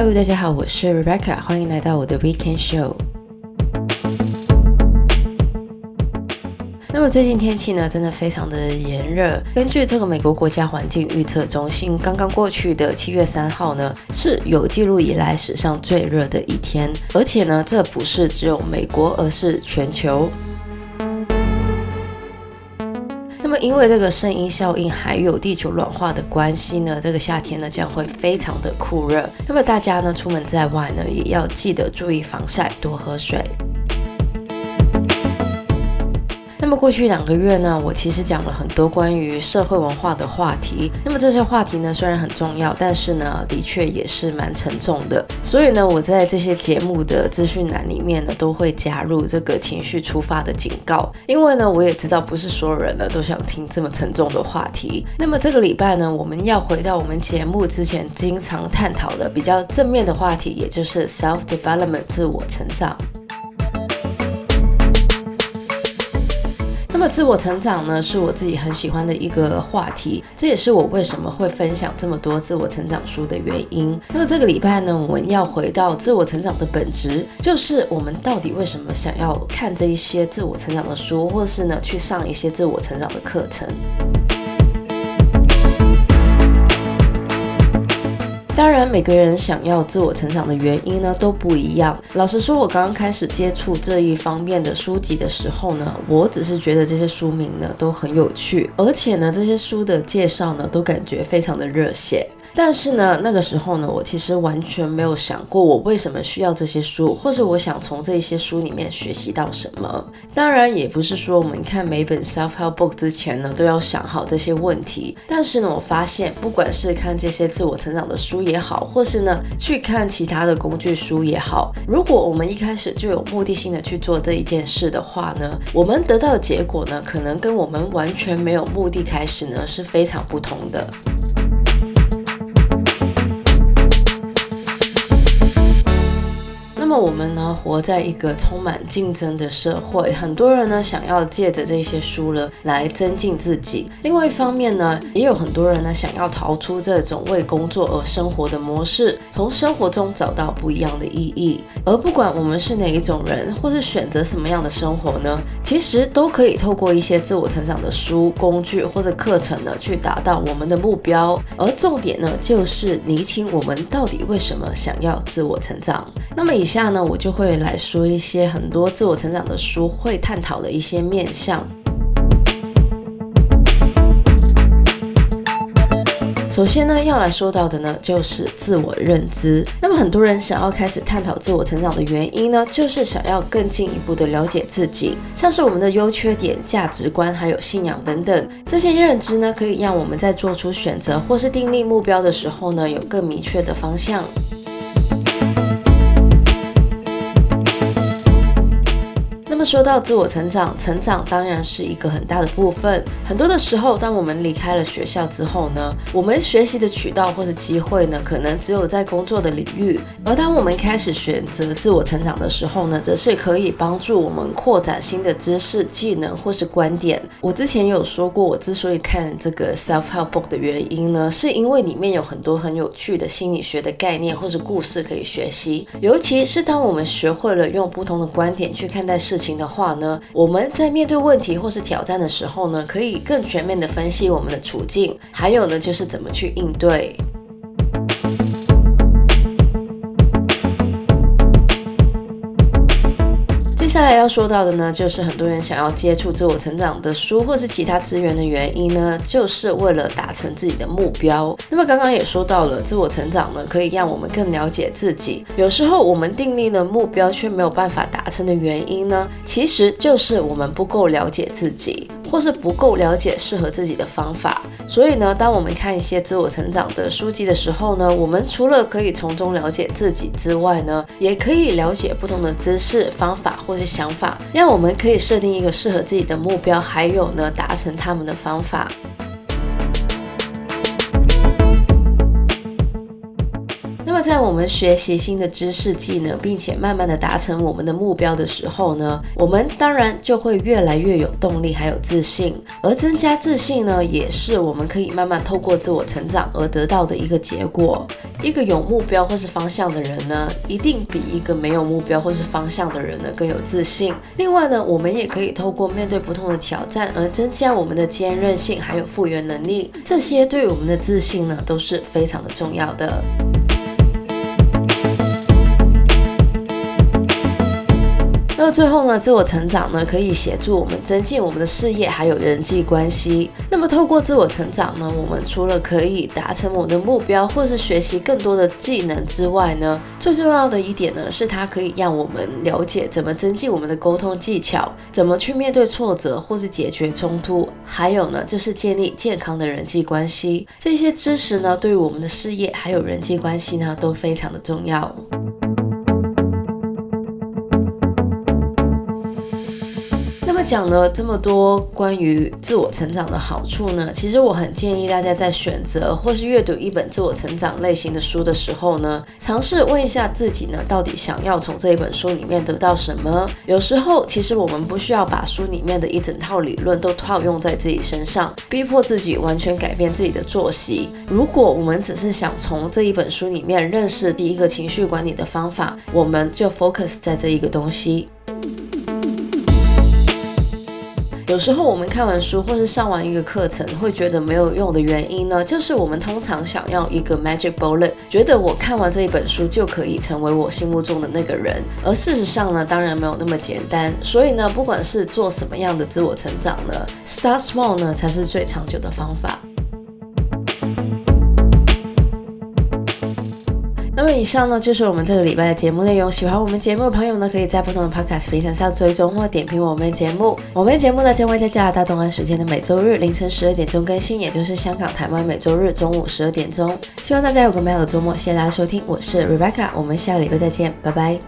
Hello，大家好，我是 Rebecca，歡迎來到我的 Weekend Show。那麼最近天氣呢，真的非常的炎熱。根據這個美國國家環境預測中心，剛剛過去的七月三號呢，是有記錄以來史上最熱的一天，而且呢，這不是只有美國，而是全球。因為這個聖嬰效應還有地球暖化的關係呢，這個夏天呢將會非常的酷熱。那麼大家呢出門在外呢也要記得注意防曬，多喝水。那麼過去兩個月呢，我其實講了很多關於社會文化的話題。那麼這些話題呢，雖然很重要，但是呢，的確也是蠻沉重的。所以呢，我在這些節目的資訊欄裡面呢，都會加入這個情緒觸發的警告，因為呢，我也知道不是所有人呢都想聽這麼沉重的話題。那麼這個禮拜呢，我們要回到我們節目之前經常探討的比較正面的話題，也就是 self development 自我成長。那麼，自我成長呢，是我自己很喜歡的一個話題，這也是我為什麼會分享這麼多自我成長書的原因。那麼，這個禮拜呢，我們要回到自我成長的本質，就是我們到底為什麼想要看這一些自我成長的書，或是呢，去上一些自我成長的課程。當然，每個人想要自我成長的原因呢都不一樣。老實說，我剛剛開始接觸這一方面的書籍的時候呢，我只是覺得這些書名呢都很有趣，而且呢，這些書的介紹呢都感覺非常的熱血。但是呢，那個時候呢，我其實完全沒有想過我為什麼需要這些書，或是我想從這些書裡面學習到什麼。當然，也不是說我們看每本 self help book 之前呢，都要想好這些問題。但是呢，我發現，不管是看這些自我成長的書也好，或是呢去看其他的工具書也好，如果我們一開始就有目的性的去做這一件事的話呢，我們得到的結果呢，可能跟我們完全沒有目的開始呢是非常不同的。那麼我們呢，活在一個充滿競爭的社會，很多人呢想要借着這些書呢，來增進自己。另外一方面呢，也有很多人呢想要逃出這種為工作而生活的模式，從生活中找到不一樣的意義。而不管我們是哪一種人，或是選擇什麼樣的生活呢，其實都可以透過一些自我成長的書、工具或者課程呢，去達到我們的目標。而重點呢，就是釐清我們到底為什麼想要自我成長。那麼以下呢，我就會來說一些很多自我成長的書會探討的一些面向。首先呢，要來說到的呢，就是自我認知。那麼很多人想要開始探討自我成長的原因呢，就是想要更進一步的了解自己，像是我們的優缺點、價值觀還有信仰等等。這些認知呢，可以讓我們在做出選擇或是訂立目標的時候呢，有更明確的方向。說到自我成長，成長當然是一個很大的部分。很多的時候，當我們離開了學校之後呢，我們學習的渠道或是機會呢，可能只有在工作的領域。而當我們開始選擇自我成長的時候呢，則是可以幫助我們擴展新的知識、技能或是觀點。我之前有說過，我之所以看這個 self help book 的原因呢，是因為裡面有很多很有趣的心理學的概念或是故事可以學習。尤其是當我們學會了用不同的觀點去看待事情。的話呢，我們在面對問題或是挑戰的時候呢，可以更全面的分析我們的處境，還有呢，就是怎麼去應對。接下來要說到的呢，就是很多人想要接觸自我成長的書或是其他資源的原因呢，就是為了達成自己的目標。那麼剛剛也說到了，自我成長呢可以讓我們更了解自己。有時候我們訂立了目標卻沒有辦法達成的原因呢，其實就是我們不夠了解自己。或是不夠了解適合自己的方法，所以呢，當我們看一些自我成長的書籍的時候呢，我們除了可以從中了解自己之外呢，也可以了解不同的知識、方法或是想法，讓我們可以設定一個適合自己的目標，還有呢，達成他們的方法。在我們學習新的知識技能，並且慢慢的達成我們的目標的時候呢，我們當然就會越來越有動力，還有自信。而增加自信呢，也是我們可以慢慢透過自我成長而得到的一個結果。一個有目標或是方向的人呢，一定比一個沒有目標或是方向的人呢更有自信。另外呢，我們也可以透過面對不同的挑戰而增加我們的堅韌性，還有復原能力。這些對我們的自信呢，都是非常的重要的。那最後呢，自我成長呢，可以協助我們增進我們的事業還有人際關係。那麼透過自我成長呢，我們除了可以達成我們的目標，或是學習更多的技能之外呢，最重要的一點呢，是它可以讓我們了解怎麼增進我們的溝通技巧，怎麼去面對挫折或是解決衝突，還有呢，就是建立健康的人際關係。這些知識呢，對於我們的事業還有人際關係呢，都非常的重要。講了這麼多關於自我成長的好處呢，其實我很建議大家在選擇或是閱讀一本自我成長類型的書的時候呢，嘗試問一下自己呢，到底想要從這一本書裡面得到什麼？有時候其實我們不需要把書裡面的一整套理論都套用在自己身上，逼迫自己完全改變自己的作息。如果我們只是想從這一本書裡面認識第一個情緒管理的方法，我們就 focus 在這一個東西。有時候我們看完書或是上完一個課程，會覺得沒有用的原因呢，就是我們通常想要一個 magic bullet，覺得我看完這一本書就可以成為我心目中的那個人。而事實上呢，當然沒有那麼簡單。所以呢，不管是做什麼樣的自我成長呢，start small 呢才是最長久的方法。以上呢，就是我們這個禮拜的節目內容。喜歡我們節目的朋友呢，可以在不同的 podcast 平台上追蹤或點評我們的節目。我們的節目呢，將會在加拿大東岸時間的每周日凌晨十二點鐘更新，也就是香港、台灣每周日中午十二點鐘。希望大家有個美好的周末，謝謝大家收聽，我是 Rebecca，我們下個禮拜再見，拜拜。